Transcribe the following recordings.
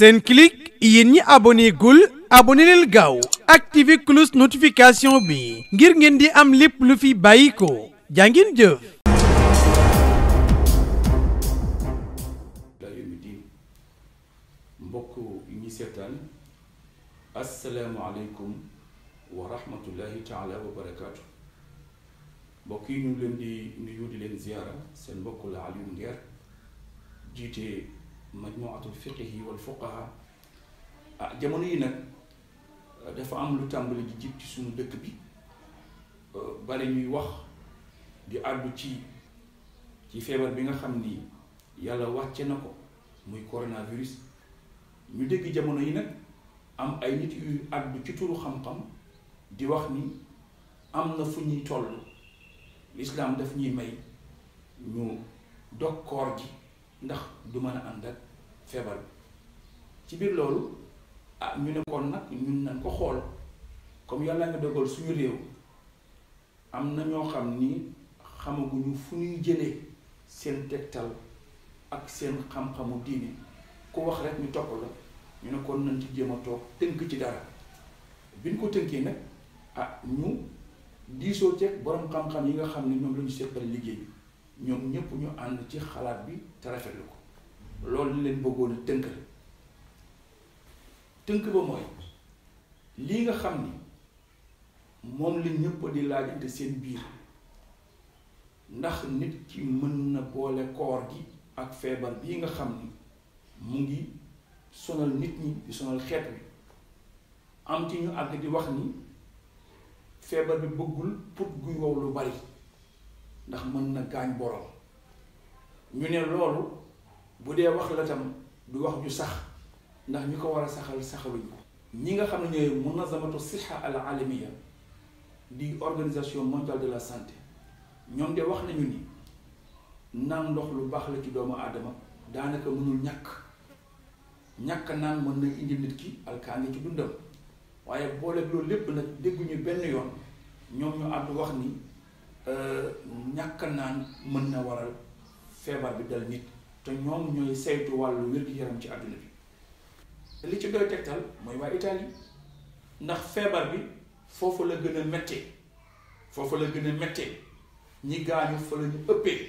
Senclic yéen ñi abonné gul abonné leen gaaw activé cloche notification bi ngir ngeen di am lépp lu fi bàyyi ko jàngin jëf. mbokk ñi seetaan asalaamaaleykum wa rahmatullahi mbokk yi ñu leen di nuyu di leen ziara seen mbokk la Alioune Nder majmuatul fiqihi wal fuqaha ah jamono yi nag ah, dafa am lu tàmbali di jib ci suñu dëkk bi ah, bari ñuy wax di àddu ci ci feebar bi nga xam ni yàlla wàcce na ko muy coronavirus ñu dégg jamono yi nag am ay nit yuy àddu ci turu xam-xam di wax ni am na fu ñuy toll lislaam daf ñuy may ñu dog koor ji ndax du mën a ànd ak feebar bi ci biir loolu ah ñu ne kon nag ñun nañ ko xool comme yàlla nga dogal suñu réew am na ñoo xam ni xamaguñu fu ñuy jëlee seen tegtal ak seen xam-xamu diine ku wax rek ñu topp la ñu ne kon nañ ci jéem a toog tënk ci dara biñ ko tënkee nag ah ñu diisoo ceeg borom xam-xam yi nga xam ne ñoom la ñu liggéey bi ñoom ñëpp ñu ànd ci xalaat bi te rafetlu ko loolu leen bëggoon tënk la tënk ba mooy lii nga xam ni moom la ñëpp di laajante seen biir ndax nit ki mën na boole koor gi ak feebar bii nga xam ni mu ngi sonal nit ñi di sonal xeet wi am ci ñu àgg di wax ni feebar bi bëggul put guy wow lu bari ndax mën na gaañ boroom ñu ne loolu bu dee wax la tam du wax ju sax ndax ñi ko war a saxal saxaluñ ko ñi nga xam ne ñooy munazamatu siha al alamiya di organisation mondiale de la santé ñoom de wax nañu ni naan ndox lu baax la ci doomu aadama daanaka mënul ñàkk ñàkk naan mën na indi nit ki alkaani ci dundam waaye boole loolu lépp nag dégguñu benn yoon ñoom ñu àddu wax ni Euh, ñàkk naan mën na waral feebar bi dal nit te ñoom ñooy saytu wàllu wér-gu-yaram ci àdduna bi li ci doy tegtal mooy waa Italie ndax feebar bi foofu la gën a méttee foofu la gën a méttee ñi gaañu fa la ñu ëppee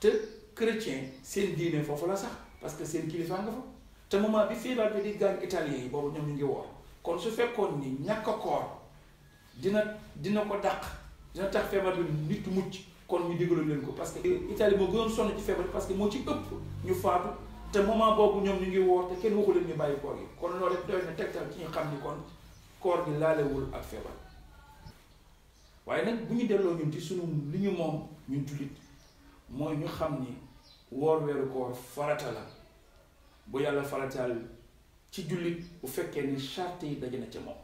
te chrétien seen diine foofu la sax parce que seen kilifaa nga fa te moment bi feebar bi di gaañ italien yi boobu ñoom ñu ngi woor kon su fekkoon ni ñàkk koor dina dina ko dàq dina tax feebar bi nit mucc kon ñu déglu leen ko parce que Italie moo gënoon sonn ci feebar parce que moo ci ëpp ñu faatu te moment boobu ñoom ñu ngi woor te kenn waxu leen ñu bàyyi koor gi kon loolu rek doy na tegtal ci ñu xam ni kon koor gi laalewul ak feebar waaye nag bu ñu delloo ñun ci sunu li ñu moom ñu jullit mooy ñu xam ni woor weeru koor farata la bu yàlla farataal ci jullit bu fekkee ni charte yi daje na ca moom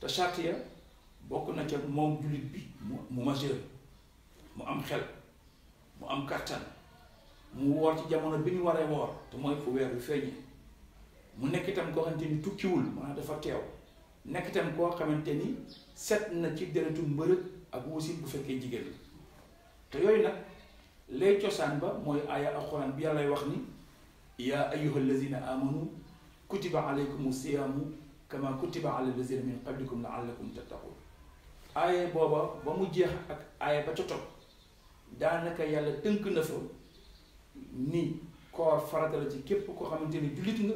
te charte ya bokk na ca moom jullit bi mu mu majeur mu am xel mu am kàttan mu woor ci jamono bi ñu waree woor te mooy fu weer bi feeñee mu nekk itam koo xamante ni tukkiwul maanaam dafa teew nekk tam koo xamante ni set na ci deretu mbërëg ak wasin bu fekkee jigéen la te yooyu nag lay cosaan ba mooy aaya alxuraan bi yàllay wax ni yaa ayyuha allazina amanu kutiba alaykum siyaamu kama kutiba ala allazina min qablikum laallakum tattaqun aaye booba ba mu jeex ak aaye ba ca topp daanaka yàlla dënk na fa ni koor farata la ci képp koo xamante ni jullit nga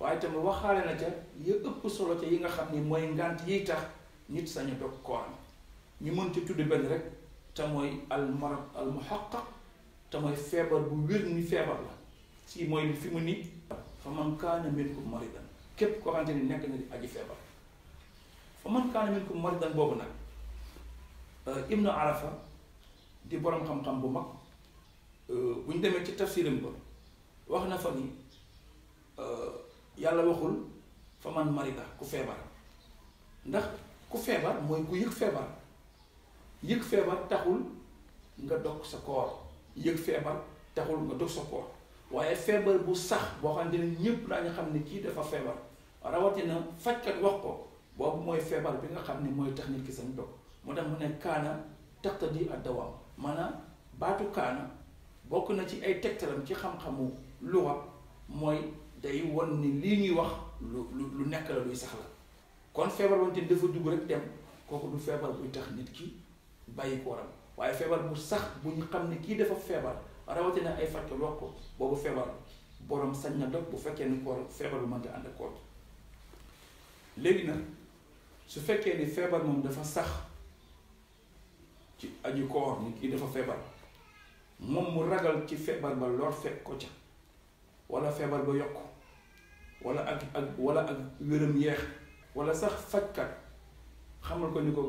waaye tamit waxaale na ca ya ëpp solo ca yi nga xam ni mooy ngant yiy tax nit sañu dog kooram ñu mën ci tudd benn rek te mooy al marad al te mooy feebar bu wér ni feebar la si mooy fi mu ni fa man kaana képp koo xamante ni nekk na di feebar fa man kaana minkum boobu nag Euh, na arafa di boroom xam-xam bu mag euh, bu ñu demee ci tafsiram ba wax na fa ni euh, yàlla waxul fa man marida ku feebar ndax ku feebar mooy ku yëg feebar yëg feebar taxul nga dog sa koor yëg feebar taxul nga dog sa koor waaye feebar bu sax boo xam ne ñépp daañu xam ne kii dafa feebar rawatina fajkat wax ko boobu mooy feebar bi nga xam ne mooy tax nit ki sañ dog moo tax mu ne kaana taqtadi ak dawaam maanaam baatu kaana bokk na ci ay tegtalam ci xam-xamu luwa mooy day won ni lii ñuy wax lu lu nekk la luy sax la kon feebar wante dafa dugg rek dem kooku du feebar buy tax nit ki bàyyi ko waaye feebar bu sax buñ xam ne kii dafa feebar rawatina ay fàtte loo ko boobu feebar borom sañ na dog bu fekkee ni koor feebar bu mënta ànd ak koor léegi nag su fekkee ni feebar moom dafa sax ci aju koor nit ki dafa feebar moom mu ragal ci feebar ba lor fekk ko ca walla feebar ba yokk wala ak ak wala ak wéram yeex wala sax fajkat xamal ko ni ko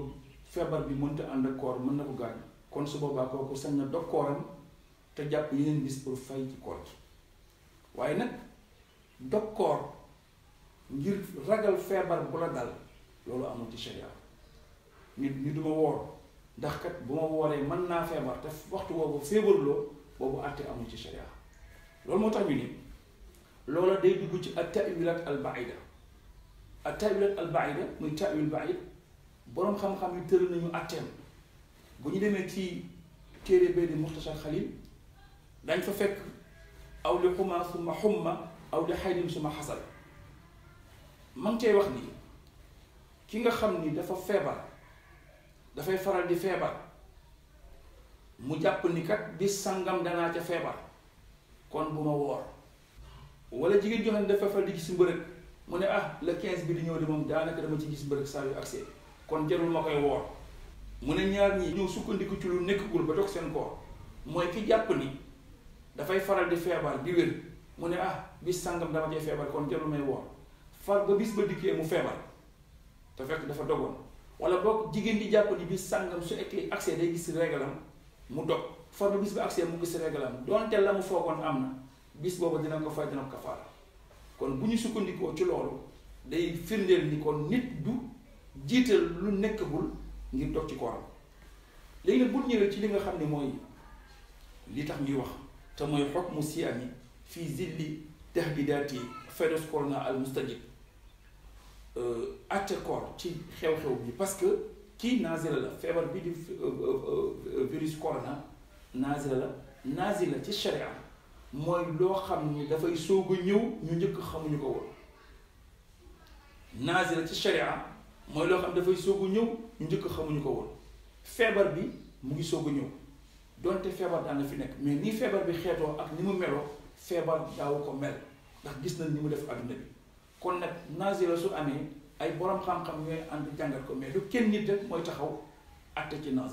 feebar bi mënta ànd ak koor mën na ko gaañ kon su boobaa kooku sañ na dog kooram te jàpp yeneen bis pour fay ci koor gi waaye nag dog koor ngir ragal feebar bu la dal loolu amul ci sharia nit ñi duma woor ndax kat bu ma wooree mën naa feebar te waxtu boobu feebarloo boobu àtte amul ci sharia loolu moo tax ñu ni loola day dugg ci at tawilat al baida at tawilat al baida muy tawil baid boroom xam-xam yi tëral nañu atteem bu ñu demee ci téere bee di muxtasar dañ fa fekk aw li xuma suma xumma aw li xayrim suma xasal man tey wax ni ki nga xam ni dafa feebar dafay faral di feebar mu jàpp ni kat bis sangam danaa ca feebar kon bu ma woor wala jigéen jox xam ne dafa faral di gis mbërëg mu ne ah le 15 bi di ñëw di moom daanaka dama ci gis mbërëg saa yu accès kon jarul ma koy woor mu ne ñaar ñi ñëw sukkandiku ci lu nekkagul ba toog seen koor mooy ki jàpp ni dafay faral di feebar di wér mu ne ah bis sangam dama cee feebar kon jarul may woor far ba bis ba dikkee mu feebar te fekk dafa dogoon. wala boog jigéen di jàpp ni bis sàngam su ekkee accès day gis régalam mu dog forme bis bi accès mu gis régalam donte la mu foogoon am na bis boobu dina ko fay dina ko kafaara kon bu ñu sukkandikoo ci loolu day firndeel ni kon nit du jiital lu nekkagul ngir dog ci kooram léegi nag bu ñëwee ci li nga xam ni mooy li tax ñuy wax te mooy xog mu siyaami fii zilli tahdidaati fedos corona al mustajib gàccekoor ci xew-xew bi parce que kii naazila la feebar bi di euh, euh, euh, virus corona naazila la naazila ci sharia mooy loo xam ni dafay soog ñëw ñu njëkk xamuñu ko woon naazila ci sharia mooy loo xam dafay ñëw njëkk xamuñu ko woon feebar bi mu ngi soogu ñëw doonte feebar daan na fi nekk mais ni feebar bi xeetoo ak ni mu meloo feebar daaw ko mel ndax gis nañ ni mu def adduna bi kon nag naazila su amee ay borom xam-xam ñooy ànd jàngat ko mais lu kenn nit rek mooy taxaw atte ci la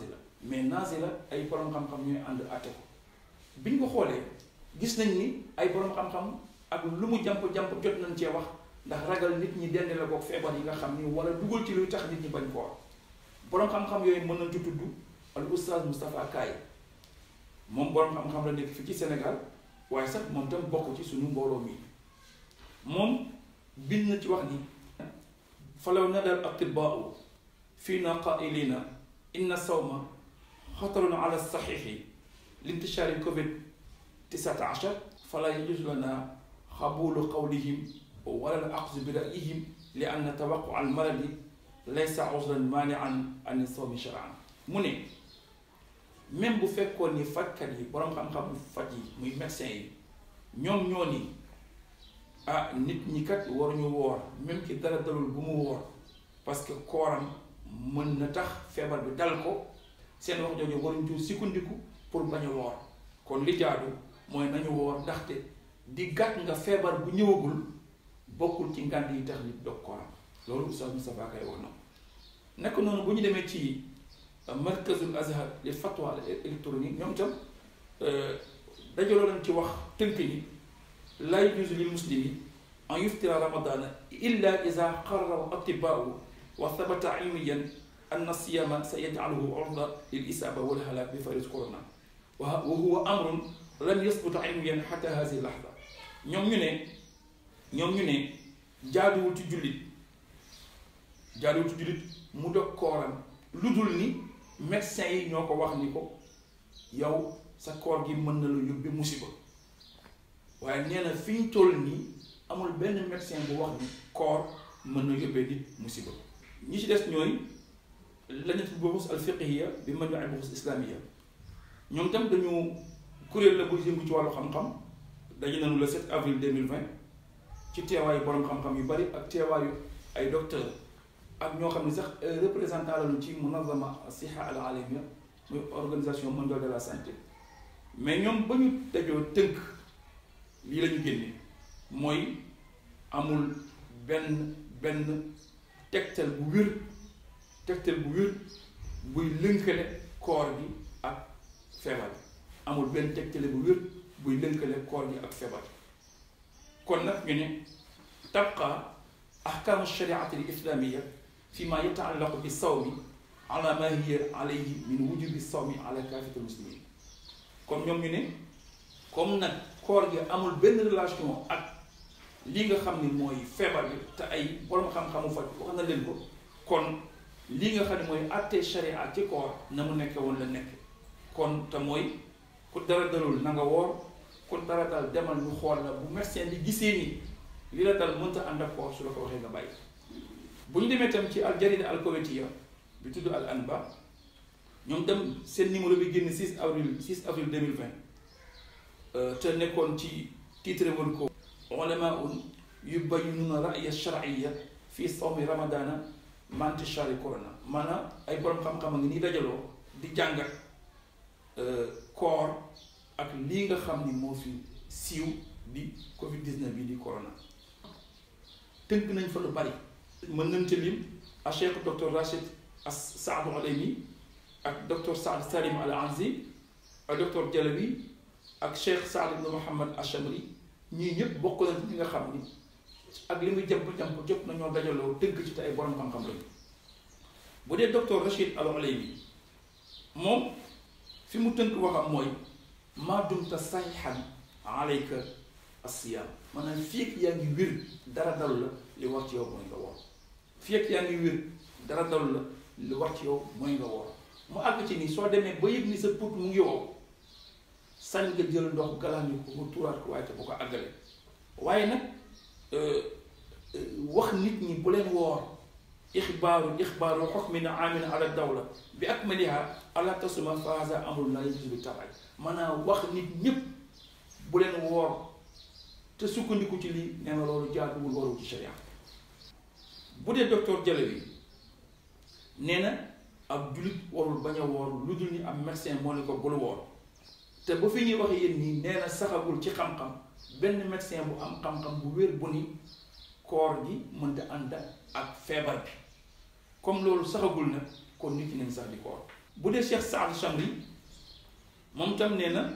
mais naazila ay boroom xam-xam ñooy ànd atte ko ñu ko xoolee gis nañ ni ay boroom xam-xam ak lu mu jàmp-jàmp jot nañ cee wax ndax ragal nit ñi dend la ko feebar yi nga xam ni wala dugal ci luy tax nit ñi bañ ko wax borom xam-xam yooyu mën nañ ci tudd al oustaz Moustapha Kaye moom boroom xam-xam la nekk fii ci senegal waaye sax moom tam bokk ci suñu mbooloo mi moom bind na ci wax ni. falaw nada al atibaau fiina qailina inna sawma xatarun ala saxiixi lintishaari covid 19 fala yajuz lana xabulu qawlihim wala al axzu bi rayihim li anna tawaqu al maradi laysa uzran maanian an sawmi sharan mu ne même bu fekkoon ni fajkat yi boroom xam-xam faj yi muy médecin yi ñoom ñoo ni ah nit ñi kat waruñu woor même ci dara dalul bu mu woor parce que kooram mën na tax feebar bi dal ko seen wax jooju waruñu ci sukkandiku pour bañ a woor kon li jaadu mooy nañu woor ndaxte di gàtt nga feebar bu ñëwagul bokkul ci ngànd yi tax nit dog kooram loolu sax mu safaakay wax na nekk noonu bu ñu demee ci euh, markazul azhar li fatwa électronique ñoom itam euh, dajaloo nañ ci wax tënk yi laa yajuuzu lil muslimi an yuftira ramadaana illa iza qarrara atibaahu wa sabata ilmiyan anna siyama sa yajcaluhu urda lil isaaba wal halaak bi fayruus corona wa huwa amrun lam yasbut ilmiyan xatta haadihi laxda ñoom ñu ne ñoom ñu ne jaaduwul ci jullit jaaduwul ci jullit mu dog kooram lu dul ni médecin yi ñoo ko wax ni ko yow sa koor gi mën na la yóbbi musiba waaye nee na fi toll nii amul benn médecin bu wax ni koor mën na yóbbee nit musiba ñi ci des ñooy lañet buxus al fiqhiya bi mën waxee buxus islamiya ñoom tam dañu kuréel la bu yëngu ci wàllu xam-xam daje nañu le 7 avril 2020 ci teewaayu borom xam-xam yu bari ak teewaayu ay docteur ak ñoo xam ne sax euh, représentant lañu ci munazama siha al alamiya muy organisation mondiale de la santé mais ñoom ba ñu dajoo tënk lii la ñu génne mooy amul benn benn tegtal bu wér tegtal bu wér buy lënkale koor gi ak feebar amul benn tegtale bu wér buy lënkale koor bi ak feebar kon nag ñu ne tabqa ahkaamu shariati al islaamia fi ma yataallaqu bi sawmi ala ma hiya alayhi min wujubi sawmi ala kaafati al muslimin kon ñoom ñu ne comme nag xoor gi amul benn relation ak lii nga xam ni mooy feebar bi te ay borom xam-xamu faj wax na leen ko kon lii nga xam ne mooy àttee sharia ci koor na mu nekke woon la nekk kon te mooy ku dara dalul na nga woor ku dara dal demal ñu xool la bu médecin bi gisee ni li la dal mënta ànd ak koor su la ko waxee nga bàyyi bu ñu demee tam ci al jarida al kowetiya bi tudd al anba ñoom tam seen numéro bi génn 6 avril 6 avril 2020 Euh, te nekkoon ci titre woon ko ulamaun yubayyinuna ra'ya shar'iyya fii sawmi ramadana manti shari corona maanaam ay borom xam-xam a ngi nii dajaloo di jàngat euh, koor ak lii nga xam ni moo fi siiw di covid 19 bi di corona tënk nañ fa lu bari mën nañ ca lim a cheikh docteur Rachid as Saadu Alaymi ak docteur Saad Salim al Anzi ak docteur Jalabi ak Cheikh Saad ibn Muhammad Achamri ñii ñëpp bokk nañ ci ñi nga xam ni ak li muy jàmp-jàmp jot nañoo dajaloo dëgg ci te ay borom xam-xam lañu bu dee docteur Rachid Al-Olaymi moom fi mu tënk waxam mooy maa dumta sayhan alayka asiyaam maanaam fii ak yaa ngi wér dara dalu la li war ci yow mooy nga woor dara dalu la li war ci yow mooy nga mu àgg ci nii soo demee ba yëg ni sa put mu ngi wow sañ nga jël ndox galaani ko nga tuuraat ko waaye te bu ko àggale waaye nag euh, euh, wax nit ñi bu leen woor ixbaaru ixbaaru xukmin aamin ala dawla bi akmaliha ala tasuma faasa amul na yëg bi tabaay maanaam wax nit ñépp bu leen woor te sukkandiku ci lii nee na loolu jaaduwul warul ci sharia bu dee docteur Jalawi nee na ab jullit warul bañ woor lu dul ni ab médecin moo ne ko bul woor te ba fi ñuy wax yéen nii nee na saxagul ci xam-xam benn médecin bu am xam-xam bu wér bu ni koor gi mënta ànd ak feebar bi comme loolu saxagul nag kon nit ñi nañ sax di koor bu dee Cheikh Saad Chamri moom tam nee na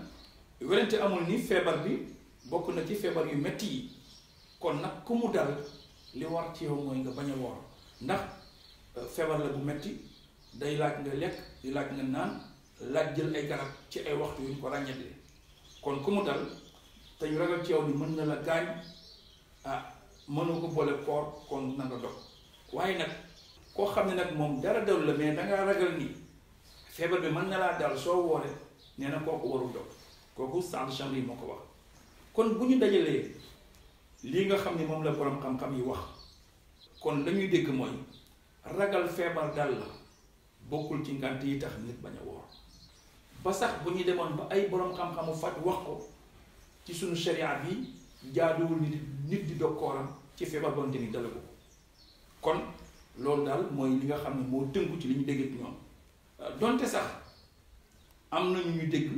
werante amul ni feebar bi bokk na ci feebar yu metti yi kon nag ku mu dal li war ci yow mooy nga bañ a woon ndax feebar la bu metti day laaj nga lekk di laaj nga naan laaj jël ay garab ci ay waxtu yu ñu ko ràññatee kon ku mu dal te ñu ragal ci yow ni mën na la gaañ ah mënu ko boole koor kon na nga dog waaye nag koo xam ne nag moom dara dalu la mais dangaa ragal ni feebar bi mën na laa dal soo woore nee na kooku warul dog kooku Saad Chamli moo ko wax kon bu ñu dajalee lii nga xam ni moom la borom xam-xam yi wax kon lañuy dégg mooy ragal feebar dal la bokkul ci ngànt yi tax nit bañ a woor ba sax bu ñuy demoon ba ay boroom xam-xamu faj wax ko ci suñu sharia bi jaaduwul nit nit di dog kooram ci feebar bonte ni dalagu ko kon loolu daal mooy li nga xam ne moo tënku ci li ñu dégg ñoom euh, donte sax am na ñu dégg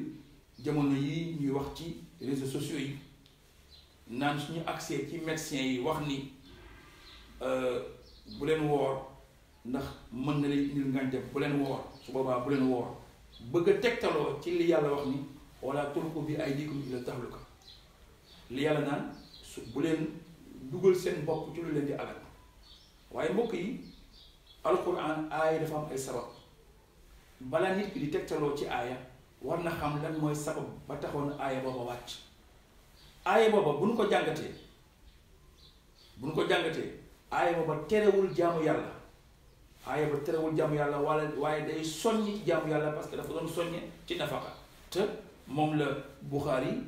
jamono yi ñuy wax ci réseaux sociaux yi naan suñu accès ci médecins yi wax ni euh, bu leen woor ndax mën na leen indil ngàncax bu leen woor su boobaa bu leen woor bëgg a tegtaloo ci li yàlla wax ni wala turku bi ay diikum ila tahluka li yàlla naan su bu leen dugal seen bopp ci lu leen di alal waaye mbokk yi alquran aaya dafa am ay sabab balaa nit ki di tegtaloo ci aaya war na xam lan mooy sabab ba taxoon aaya booba wàcc aaya booba bu nu ko jàngatee bu nu ko jàngatee aaya booba terewul jaamu yàlla aaya ba terewul jàmm yàlla wala waaye day soññ ci jàmm yàlla parce que dafa doon soññe ci nafaqa te moom la Buxaari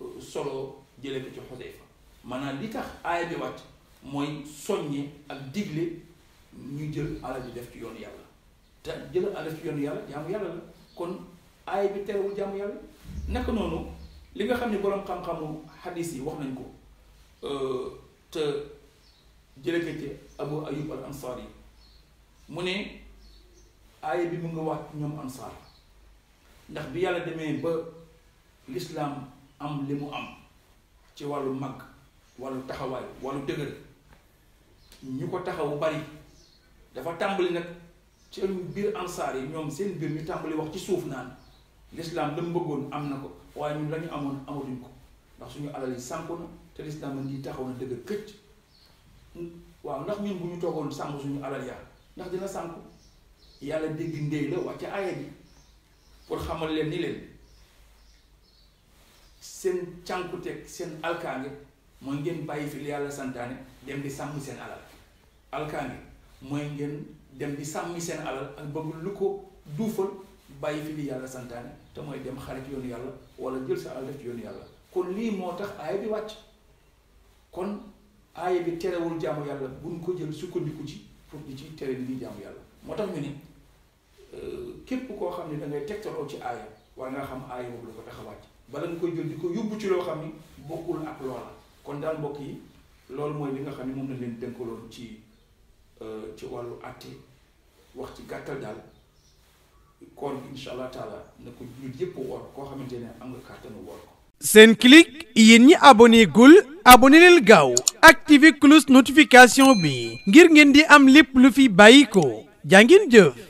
euh, solo jëlee ko ci Xoseyfa maanaam li tax aaya bi wàcc mooy soññe ak digle ñu jël alal bi def ci yoonu yàlla te jël alal ci yoonu yàlla jàmm yàlla la kon aaya bi terewul jàmm yàlla naka noonu li nga xam ne boroom xam-xamu xadis yi wax nañ ko euh, te jëlee ko ci Abu Ayub al Ansari mu ne aaya bi mu nga wax ñoom ansaar ndax bi yàlla demee ba lislaam am li mu am ci wàllu mag wàllu taxawaay wàllu dëgër ñu ko taxawu bari dafa tàmbali nag ci biir ansaar yi ñoom seen biir ñu tàmbali wax ci suuf naan lislaam la mu bëggoon am na ko waaye ñun lañu amoon amatuñ ko ndax suñu alal yi sànku na te lislaam la ngi taxaw na dëgër këcc waaw ndax ñun bu ñu toogoon sàmm suñu alal yaa ndax dina sànku yàlla dégg ndéy la wàcc aaya bi pour xamal leen ni leen seen cànkuteg seen alkaange mooy ngeen bàyyi fi li yàlla santaane dem di sàmmi seen alal alkaange mooy ngeen dem di sàmmi seen alal ak bëgg lu ko duufal bàyyi fi li yàlla santaane te mooy dem xarit yoonu yàlla wala jël sa alal def yàlla kon lii moo tax aaya bi wàcc kon aaya bi terewul jaamu yàlla buñ ko jël sukkandiku ci pour di ci tere di jaamu yàlla moo tax ñu ni euh, képp koo xam ne dangay ngay tegtaloo ci aaya war nga xam aaya moom la ko taxawaat bala nga koy jël di ko yóbbu ci loo xam ni bokkul ak loola kon daal mbokk yi loolu mooy li nga xam ne moom lañ leen dënkaloon ci euh, ci wàllu àtte wax ci gàttal daal kon bi incha allah taala na ko jullit yëpp woor koo xamante ne am nga kàttanu woor ko. Senclic yéen ñi abonné gul. abonné leen gaaw activé cloche notification bi ngir ngeen di am lépp lu fi bàyyi ko jaa ngeen jëf